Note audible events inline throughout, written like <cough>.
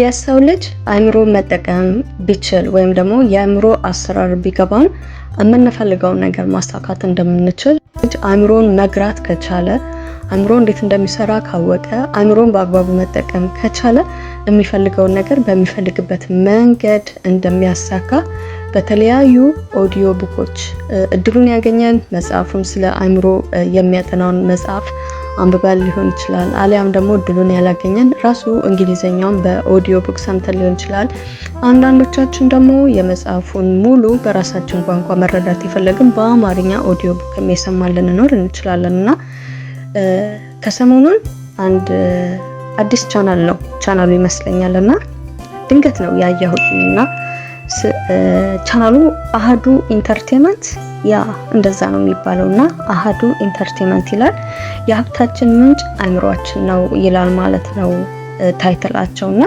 የሰው ልጅ አእምሮ መጠቀም ቢችል ወይም ደግሞ የአእምሮ አሰራር ቢገባን የምንፈልገውን ነገር ማሳካት እንደምንችል ልጅ አእምሮን መግራት ከቻለ አእምሮ እንዴት እንደሚሰራ ካወቀ አእምሮን በአግባቡ መጠቀም ከቻለ የሚፈልገውን ነገር በሚፈልግበት መንገድ እንደሚያሳካ በተለያዩ ኦዲዮ ቡኮች እድሉን ያገኘን መጽሐፉም ስለ አእምሮ የሚያጠናውን መጽሐፍ አንብበን ሊሆን ይችላል። አሊያም ደግሞ እድሉን ያላገኘን ራሱ እንግሊዘኛውን በኦዲዮ ቡክ ሰምተን ሊሆን ይችላል። አንዳንዶቻችን ደግሞ የመጽሐፉን ሙሉ በራሳችን ቋንቋ መረዳት የፈለግን በአማርኛ ኦዲዮ ቡክም የሰማን ልንኖር እንችላለን እና ከሰሞኑን አንድ አዲስ ቻናል ነው ቻናሉ ይመስለኛል እና ድንገት ነው ያየሁት እና ቻናሉ አህዱ ኢንተርቴንመንት ያ እንደዛ ነው የሚባለው እና አሀዱ ኢንተርቴንመንት ይላል። የሀብታችን ምንጭ አይምሯችን ነው ይላል ማለት ነው ታይትላቸው እና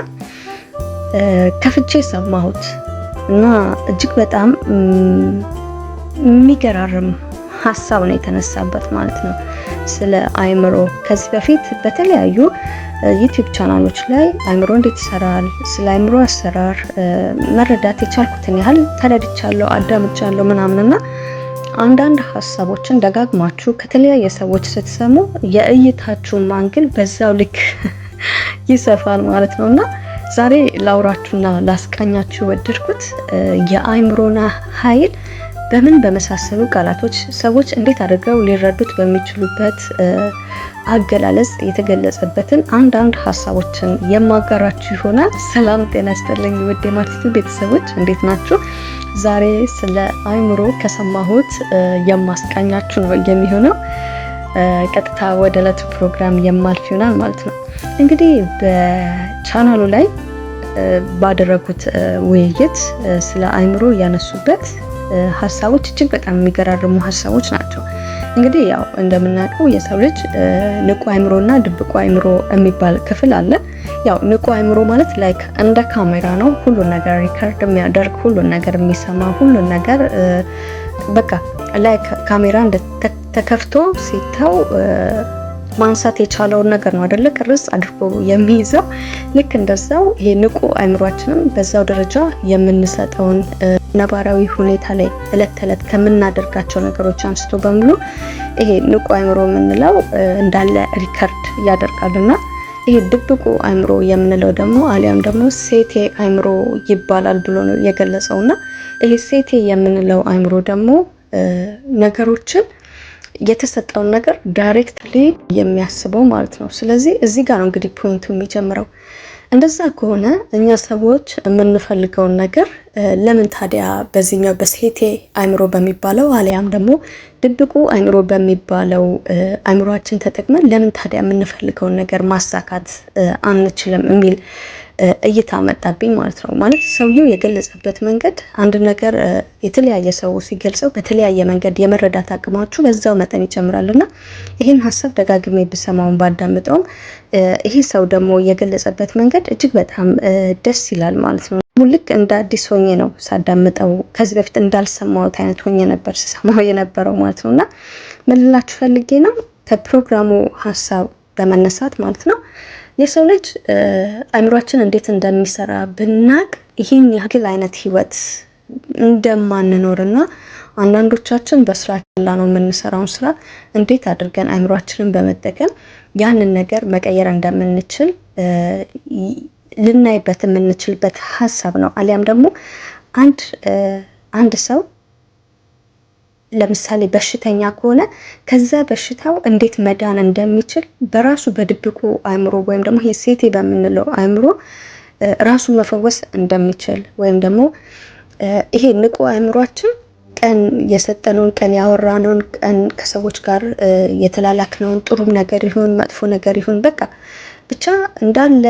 ከፍቼ ሰማሁት እና እጅግ በጣም የሚገራርም ሀሳብ ነው የተነሳበት ማለት ነው። ስለ አይምሮ ከዚህ በፊት በተለያዩ ዩቲዩብ ቻናሎች ላይ አይምሮ እንዴት ይሰራል፣ ስለ አይምሮ አሰራር መረዳት የቻልኩትን ያህል ተረድቻለሁ፣ አዳምጫለሁ ምናምንና አንዳንድ ሀሳቦችን ደጋግማችሁ ከተለያየ ሰዎች ስትሰሙ የእይታችሁ ማንግል በዛው ልክ <laughs> ይሰፋል ማለት ነው እና ዛሬ ላውራችሁና ላስቃኛችሁ ወደድኩት የአይምሮና ኃይል በምን በመሳሰሉ ቃላቶች ሰዎች እንዴት አድርገው ሊረዱት በሚችሉበት አገላለጽ የተገለጸበትን አንዳንድ ሀሳቦችን የማጋራችሁ ይሆናል። ሰላም ጤና ይስጥልኝ ውድ የማርቲቱ ቤተሰቦች እንዴት ናችሁ? ዛሬ ስለ አእምሮ ከሰማሁት የማስቃኛችሁ ነው የሚሆነው። ቀጥታ ወደ ዕለቱ ፕሮግራም የማልፍ ይሆናል ማለት ነው። እንግዲህ በቻናሉ ላይ ባደረጉት ውይይት ስለ አእምሮ ያነሱበት ሀሳቦች እጅግ በጣም የሚገራርሙ ሀሳቦች ናቸው። እንግዲህ ያው እንደምናውቀው የሰው ልጅ ንቁ አይምሮና ድብቁ አእምሮ የሚባል ክፍል አለ። ያው ንቁ አእምሮ ማለት ላይክ እንደ ካሜራ ነው። ሁሉን ነገር ሪከርድ የሚያደርግ ሁሉን ነገር የሚሰማ ሁሉን ነገር በቃ ላይክ ካሜራ ተከፍቶ ሲተው ማንሳት የቻለውን ነገር ነው አይደለ? ቅርጽ አድርጎ የሚይዘው ልክ እንደዛው ይሄ ንቁ አእምሯችንም በዛው ደረጃ የምንሰጠውን ነባራዊ ሁኔታ ላይ እለት ተዕለት ከምናደርጋቸው ነገሮች አንስቶ በሙሉ ይሄ ንቁ አእምሮ የምንለው እንዳለ ሪከርድ ያደርጋልና ይሄ ድብቁ አእምሮ የምንለው ደግሞ አሊያም ደግሞ ሴቴ አእምሮ ይባላል ብሎ ነው የገለጸውና ይሄ ሴቴ የምንለው አእምሮ ደግሞ ነገሮችን የተሰጠውን ነገር ዳይሬክትሊ የሚያስበው ማለት ነው። ስለዚህ እዚህ ጋር ነው እንግዲህ ፖይንቱ የሚጀምረው። እንደዛ ከሆነ እኛ ሰዎች የምንፈልገውን ነገር ለምን ታዲያ በዚህኛው በሴቴ አእምሮ በሚባለው አሊያም ደግሞ ድብቁ አይምሮ በሚባለው አይምሮችን ተጠቅመን ለምን ታዲያ የምንፈልገውን ነገር ማሳካት አንችልም የሚል እይታ መጣብኝ ማለት ነው። ማለት ሰውየው የገለጸበት መንገድ አንድ ነገር የተለያየ ሰው ሲገልጸው በተለያየ መንገድ የመረዳት አቅማችሁ በዛው መጠን ይጨምራል እና ይህን ሀሳብ ደጋግሜ ብሰማውን ባዳምጠውም ይሄ ሰው ደግሞ የገለጸበት መንገድ እጅግ በጣም ደስ ይላል ማለት ነው። ልክ እንደ አዲስ ሆኜ ነው ሳዳምጠው ከዚህ በፊት እንዳልሰማሁት አይነት ሆኜ ነበር ስሰማው የነበረው ማለት ነው እና ምን ልላችሁ ፈልጌ ነው ከፕሮግራሙ ሀሳብ በመነሳት ማለት ነው የሰው ልጅ አእምሯችን እንዴት እንደሚሰራ ብናቅ ይህን ያክል አይነት ህይወት እንደማንኖርና አንዳንዶቻችን በስራ ላ ነው የምንሰራውን ስራ እንዴት አድርገን አእምሯችንን በመጠቀም ያንን ነገር መቀየር እንደምንችል ልናይበት የምንችልበት ሀሳብ ነው። አሊያም ደግሞ አንድ አንድ ሰው ለምሳሌ በሽተኛ ከሆነ ከዛ በሽታው እንዴት መዳን እንደሚችል በራሱ በድብቁ አእምሮ ወይም ደግሞ ሴቴ በምንለው አእምሮ ራሱን መፈወስ እንደሚችል ወይም ደግሞ ይሄ ንቁ አእምሯችን ቀን የሰጠነውን ቀን ያወራነውን ቀን ከሰዎች ጋር የተላላክነውን ጥሩም ነገር ይሁን መጥፎ ነገር ይሁን በቃ ብቻ እንዳለ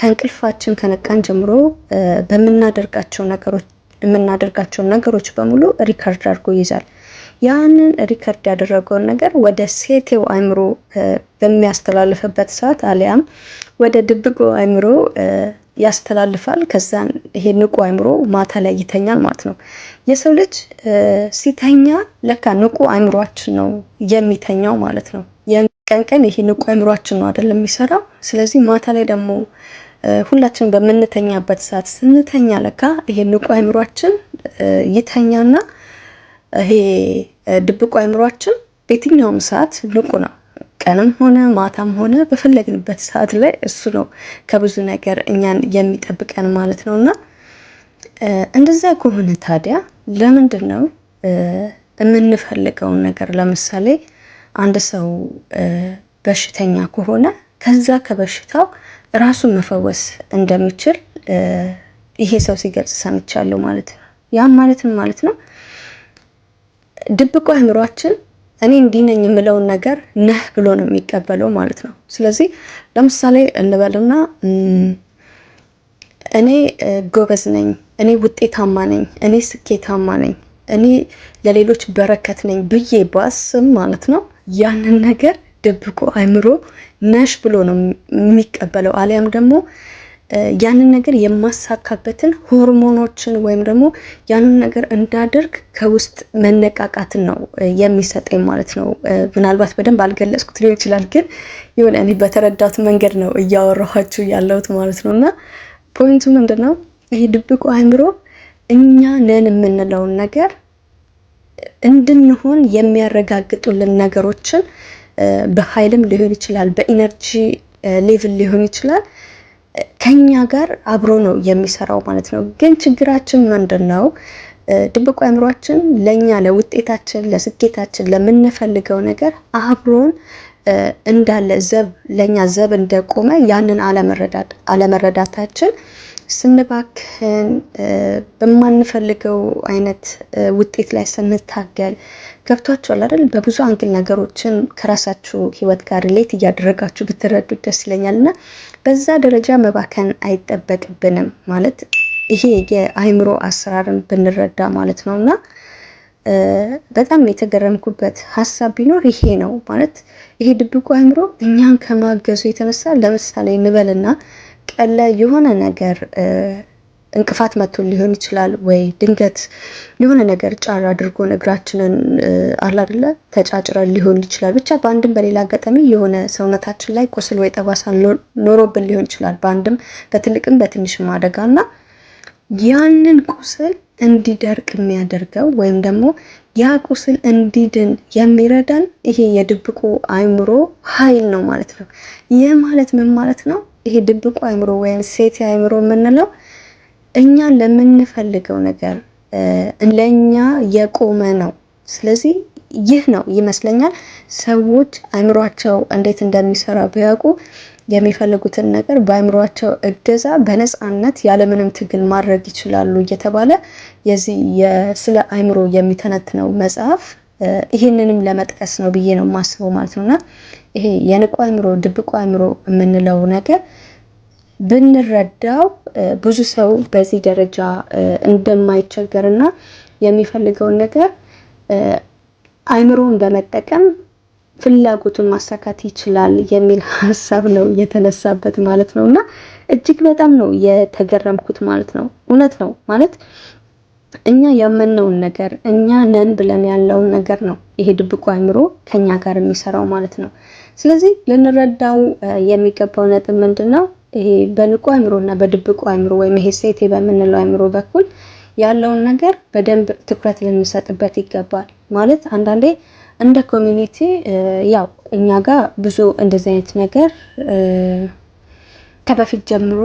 ከእንቅልፋችን ከነቃን ጀምሮ በምናደርጋቸው ነገሮች የምናደርጋቸውን ነገሮች በሙሉ ሪከርድ አድርጎ ይይዛል። ያንን ሪከርድ ያደረገውን ነገር ወደ ሴቴው አእምሮ በሚያስተላልፍበት ሰዓት አሊያም ወደ ድብቁ አእምሮ ያስተላልፋል። ከዛን ይሄ ንቁ አእምሮ ማታ ላይ ይተኛል ማለት ነው። የሰው ልጅ ሲተኛ ለካ ንቁ አእምሯችን ነው የሚተኛው ማለት ነው። ቀን ቀን ይሄ ንቁ አይምሯችን ነው አይደለም የሚሰራው። ስለዚህ ማታ ላይ ደግሞ ሁላችን በምንተኛበት ሰዓት ስንተኛ ለካ ይሄ ንቁ አይምሯችን ይተኛና ይሄ ድብቁ አይምሯችን በየትኛውም ሰዓት ንቁ ነው። ቀንም ሆነ ማታም ሆነ በፈለግንበት ሰዓት ላይ እሱ ነው ከብዙ ነገር እኛን የሚጠብቀን ማለት ነው። እና እንደዛ ከሆነ ታዲያ ለምንድን ነው የምንፈልገውን ነገር ለምሳሌ አንድ ሰው በሽተኛ ከሆነ ከዛ ከበሽታው ራሱን መፈወስ እንደሚችል ይሄ ሰው ሲገልጽ ሰምቻለሁ ማለት ነው። ያም ማለትም ማለት ነው ድብቁ አእምሯችን እኔ እንዲህ ነኝ የምለውን ነገር ነህ ብሎ ነው የሚቀበለው ማለት ነው። ስለዚህ ለምሳሌ እንበልና እኔ ጎበዝ ነኝ፣ እኔ ውጤታማ ነኝ፣ እኔ ስኬታማ ነኝ፣ እኔ ለሌሎች በረከት ነኝ ብዬ ባስም ማለት ነው ያንን ነገር ደብቆ አይምሮ ነሽ ብሎ ነው የሚቀበለው። አሊያም ደግሞ ያንን ነገር የማሳካበትን ሆርሞኖችን ወይም ደግሞ ያንን ነገር እንዳደርግ ከውስጥ መነቃቃትን ነው የሚሰጠኝ ማለት ነው። ምናልባት በደንብ አልገለጽኩት ሊሆን ይችላል፣ ግን የሆነ እኔ መንገድ ነው እያወራኋችሁ ያለሁት ማለት ነው። እና ፖይንቱ ምንድን ነው? ይህ ድብቁ አእምሮ እኛ ነን የምንለውን ነገር እንድንሆን የሚያረጋግጡልን ነገሮችን በኃይልም ሊሆን ይችላል፣ በኢነርጂ ሌቭል ሊሆን ይችላል። ከኛ ጋር አብሮ ነው የሚሰራው ማለት ነው። ግን ችግራችን ምንድን ነው? ድብቁ አእምሯችን ለኛ ለውጤታችን፣ ለስኬታችን፣ ለምንፈልገው ነገር አብሮን እንዳለ ዘብ ለኛ ዘብ እንደቆመ ያንን አለመረዳታችን ስንባክን በማንፈልገው አይነት ውጤት ላይ ስንታገል ገብቷችኋል አይደል? በብዙ አንግል ነገሮችን ከራሳችሁ ህይወት ጋር ሌት እያደረጋችሁ ብትረዱ ደስ ይለኛል። እና በዛ ደረጃ መባከን አይጠበቅብንም ማለት ይሄ የአይምሮ አሰራርን ብንረዳ ማለት ነው። እና በጣም የተገረምኩበት ሀሳብ ቢኖር ይሄ ነው ማለት ይሄ ድብቁ አይምሮ እኛን ከማገዙ የተነሳ ለምሳሌ እንበልና ቀን ላይ የሆነ ነገር እንቅፋት መቶን ሊሆን ይችላል፣ ወይ ድንገት የሆነ ነገር ጫር አድርጎ እግራችንን አላደለ ተጫጭረን ሊሆን ይችላል። ብቻ በአንድም በሌላ አጋጣሚ የሆነ ሰውነታችን ላይ ቁስል ወይ ጠባሳ ኖሮብን ሊሆን ይችላል። በአንድም በትልቅም በትንሽም አደጋ እና ያንን ቁስል እንዲደርቅ የሚያደርገው ወይም ደግሞ ያ ቁስል እንዲድን የሚረዳን ይሄ የድብቁ አይምሮ ኃይል ነው ማለት ነው። ይህ ማለት ምን ማለት ነው? ይሄ ድብቁ አይምሮ ወይም ሴት አይምሮ የምንለው እኛ ለምንፈልገው ነገር ለእኛ የቆመ ነው። ስለዚህ ይህ ነው ይመስለኛል ሰዎች አይምሯቸው እንዴት እንደሚሰራ ቢያውቁ የሚፈልጉትን ነገር በአይምሯቸው እገዛ በነፃነት ያለምንም ትግል ማድረግ ይችላሉ እየተባለ የዚህ ስለ አይምሮ የሚተነትነው መጽሐፍ ይህንንም ለመጥቀስ ነው ብዬ ነው የማስበው ማለት ነውና ይሄ የንቁ አእምሮ ድብቁ አእምሮ የምንለው ነገር ብንረዳው ብዙ ሰው በዚህ ደረጃ እንደማይቸገር እና የሚፈልገውን ነገር አእምሮን በመጠቀም ፍላጎቱን ማሳካት ይችላል የሚል ሀሳብ ነው የተነሳበት ማለት ነው። እና እጅግ በጣም ነው የተገረምኩት ማለት ነው። እውነት ነው ማለት እኛ ያመነውን ነገር እኛ ነን ብለን ያለውን ነገር ነው ይሄ ድብቁ አእምሮ ከኛ ጋር የሚሰራው ማለት ነው። ስለዚህ ልንረዳው የሚገባው ነጥብ ምንድን ነው? ይሄ በንቁ አእምሮ እና በድብቁ አእምሮ ወይም ይሄ ሴቴ በምንለው አእምሮ በኩል ያለውን ነገር በደንብ ትኩረት ልንሰጥበት ይገባል። ማለት አንዳንዴ እንደ ኮሚኒቲ ያው እኛ ጋር ብዙ እንደዚህ አይነት ነገር ከበፊት ጀምሮ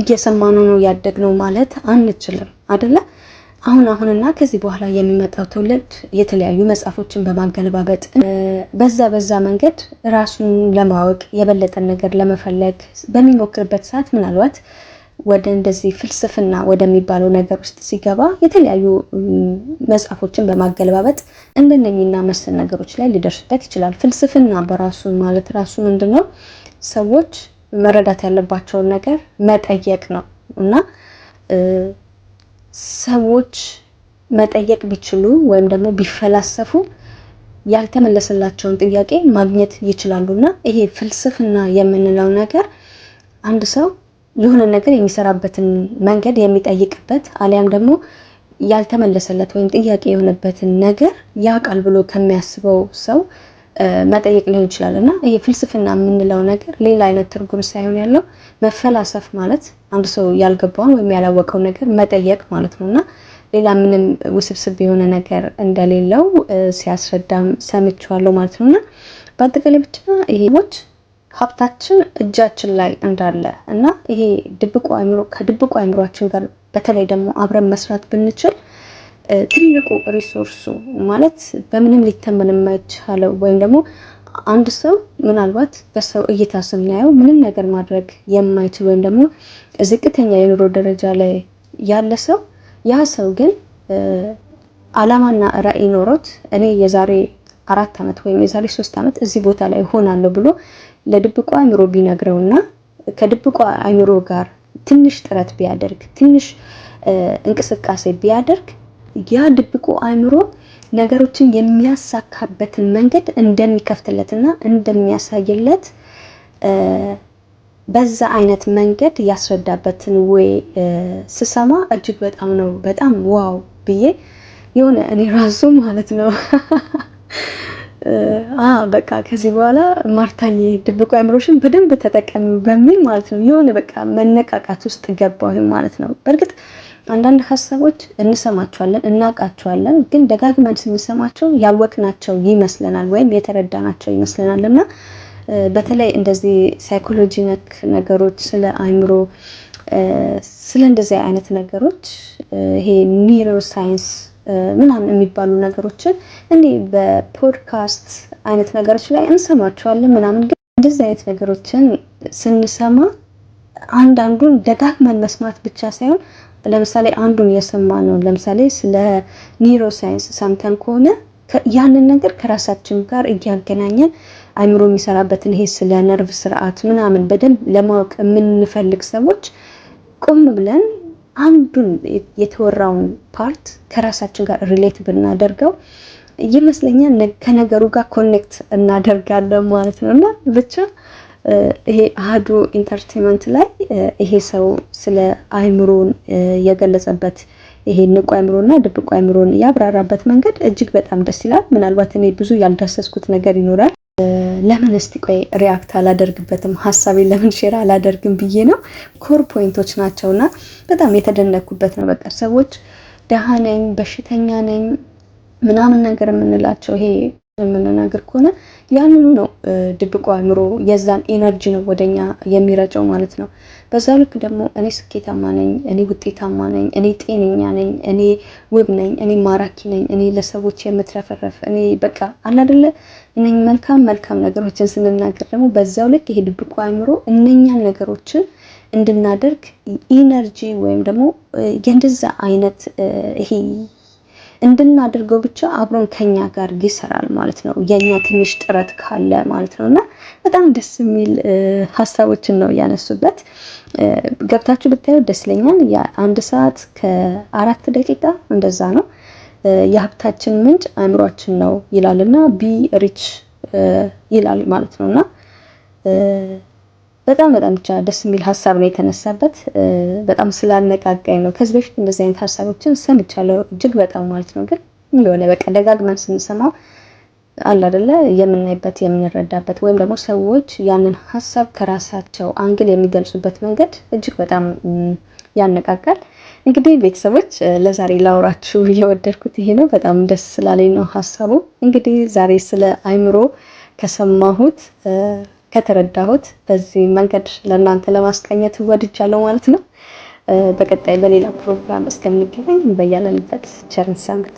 እየሰማነው ነው ያደግነው ማለት አንችልም አደለ? አሁን አሁንና ከዚህ በኋላ የሚመጣው ትውልድ የተለያዩ መጽሐፎችን በማገለባበጥ በዛ በዛ መንገድ ራሱን ለማወቅ የበለጠን ነገር ለመፈለግ በሚሞክርበት ሰዓት ምናልባት ወደ እንደዚህ ፍልስፍና ወደሚባለው ነገር ውስጥ ሲገባ የተለያዩ መጽሐፎችን በማገለባበጥ እንደነኝና መሰል ነገሮች ላይ ሊደርስበት ይችላል። ፍልስፍና በራሱ ማለት ራሱ ምንድን ነው ሰዎች መረዳት ያለባቸውን ነገር መጠየቅ ነው እና ሰዎች መጠየቅ ቢችሉ ወይም ደግሞ ቢፈላሰፉ ያልተመለሰላቸውን ጥያቄ ማግኘት ይችላሉ እና ይሄ ፍልስፍና የምንለው ነገር አንድ ሰው የሆነ ነገር የሚሰራበትን መንገድ የሚጠይቅበት አሊያም ደግሞ ያልተመለሰለት ወይም ጥያቄ የሆነበትን ነገር ያውቃል ብሎ ከሚያስበው ሰው መጠየቅ ሊሆን ይችላል እና ይሄ ፍልስፍና የምንለው ነገር ሌላ አይነት ትርጉም ሳይሆን ያለው መፈላሰፍ ማለት አንድ ሰው ያልገባውን ወይም ያላወቀውን ነገር መጠየቅ ማለት ነው እና ሌላ ምንም ውስብስብ የሆነ ነገር እንደሌለው ሲያስረዳም ሰምቼዋለሁ ማለት ነው እና በአጠቃላይ ብቻ ይሄዎች ሀብታችን እጃችን ላይ እንዳለ እና ይሄ ድብቁ አእምሮ ከድብቁ አእምሯችን ጋር በተለይ ደግሞ አብረን መስራት ብንችል ትልቁ ሪሶርሱ ማለት በምንም ሊተመን የማይቻለው ወይም ደግሞ አንድ ሰው ምናልባት በሰው እይታ ስናየው ምንም ነገር ማድረግ የማይችል ወይም ደግሞ ዝቅተኛ የኑሮ ደረጃ ላይ ያለ ሰው ያ ሰው ግን አላማና ራዕይ ኖሮት እኔ የዛሬ አራት ዓመት ወይም የዛሬ ሶስት ዓመት እዚህ ቦታ ላይ ሆናለሁ ብሎ ለድብቋ አእምሮ ቢነግረውና ከድብቋ አእምሮ ጋር ትንሽ ጥረት ቢያደርግ ትንሽ እንቅስቃሴ ቢያደርግ ያ ድብቁ አእምሮ ነገሮችን የሚያሳካበትን መንገድ እንደሚከፍትለትና እንደሚያሳይለት በዛ አይነት መንገድ ያስረዳበትን ወይ ስሰማ እጅግ በጣም ነው በጣም ዋው ብዬ የሆነ እኔ ራሱ ማለት ነው <laughs> በቃ ከዚህ በኋላ ማርታኝ ድብቁ አእምሮሽን በደንብ ተጠቀሚ በሚል ማለት ነው የሆነ በቃ መነቃቃት ውስጥ ገባሁ ማለት ነው በእርግጥ አንዳንድ ሀሳቦች እንሰማቸዋለን፣ እናውቃቸዋለን፣ ግን ደጋግመን ስንሰማቸው ያወቅናቸው ይመስለናል ወይም የተረዳናቸው ይመስለናል እና በተለይ እንደዚህ ሳይኮሎጂ ነክ ነገሮች ስለ አይምሮ ስለ እንደዚህ አይነት ነገሮች ይሄ ኒውሮ ሳይንስ ምናምን የሚባሉ ነገሮችን እንዲህ በፖድካስት አይነት ነገሮች ላይ እንሰማቸዋለን ምናምን፣ ግን እንደዚህ አይነት ነገሮችን ስንሰማ አንዳንዱን ደጋግመን መስማት ብቻ ሳይሆን ለምሳሌ አንዱን የሰማነውን ለምሳሌ ስለ ኒውሮ ሳይንስ ሰምተን ከሆነ ያንን ነገር ከራሳችን ጋር እያገናኘን አይምሮ የሚሰራበትን ይሄ ስለ ነርቭ ስርዓት ምናምን በደንብ ለማወቅ የምንፈልግ ሰዎች ቁም ብለን አንዱን የተወራውን ፓርት ከራሳችን ጋር ሪሌት ብናደርገው ይመስለኛል ከነገሩ ጋር ኮኔክት እናደርጋለን ማለት ነው እና ብቻ ይሄ አህዱ ኢንተርቴንመንት ላይ ይሄ ሰው ስለ አይምሮን የገለጸበት ይሄ ንቁ አይምሮና ድብቁ አይምሮን ያብራራበት መንገድ እጅግ በጣም ደስ ይላል። ምናልባት እኔ ብዙ ያልዳሰስኩት ነገር ይኖራል። ለምን እስቲ ቆይ ሪያክት አላደርግበትም ሀሳቤን ለምን ሼር አላደርግም ብዬ ነው። ኮር ፖይንቶች ናቸውና በጣም የተደነኩበት ነው። በቃ ሰዎች ደሃ ነኝ በሽተኛ ነኝ ምናምን ነገር የምንላቸው ይሄ የምንነግር ከሆነ ያንኑ ነው ድብቁ አእምሮ የዛን ኤነርጂ ነው ወደኛ የሚረጨው ማለት ነው። በዛ ልክ ደግሞ እኔ ስኬታማ ነኝ፣ እኔ ውጤታማ ነኝ፣ እኔ ጤነኛ ነኝ፣ እኔ ውብ ነኝ፣ እኔ ማራኪ ነኝ፣ እኔ ለሰዎች የምትረፈረፍ እኔ በቃ አላደለ እነኝ መልካም መልካም ነገሮችን ስንናገር ደግሞ በዛው ልክ ይሄ ድብቆ አእምሮ እነኛን ነገሮችን እንድናደርግ ኢነርጂ ወይም ደግሞ የእንደዛ አይነት ይሄ እንድናደርገው ብቻ አብሮን ከኛ ጋር ይሰራል ማለት ነው። የኛ ትንሽ ጥረት ካለ ማለት ነው እና በጣም ደስ የሚል ሀሳቦችን ነው ያነሱበት። ገብታችሁ ብታየው ደስ ይለኛል። የአንድ ሰዓት ከአራት ደቂቃ እንደዛ ነው። የሀብታችን ምንጭ አእምሯችን ነው ይላልና ቢ ሪች ይላል ማለት ነውና በጣም በጣም ብቻ ደስ የሚል ሀሳብ ነው የተነሳበት። በጣም ስላነቃቃኝ ነው። ከዚህ በፊት እንደዚህ አይነት ሀሳቦችን ሰምቻለሁ እጅግ በጣም ማለት ነው። ግን የሆነ በቃ ደጋግመን ስንሰማው አለ አይደለ የምናይበት የምንረዳበት፣ ወይም ደግሞ ሰዎች ያንን ሀሳብ ከራሳቸው አንግል የሚገልጹበት መንገድ እጅግ በጣም ያነቃቃል። እንግዲህ ቤተሰቦች ለዛሬ ላውራችሁ እየወደድኩት <laughs> ይሄ ነው። በጣም ደስ ስላለኝ ነው ሀሳቡ። እንግዲህ ዛሬ ስለ አይምሮ ከሰማሁት ከተረዳሁት በዚህ መንገድ ለእናንተ ለማስቃኘት ወድጃለሁ ማለት ነው። በቀጣይ በሌላ ፕሮግራም እስከምንገናኝ በያለንበት ቸርን ሰምት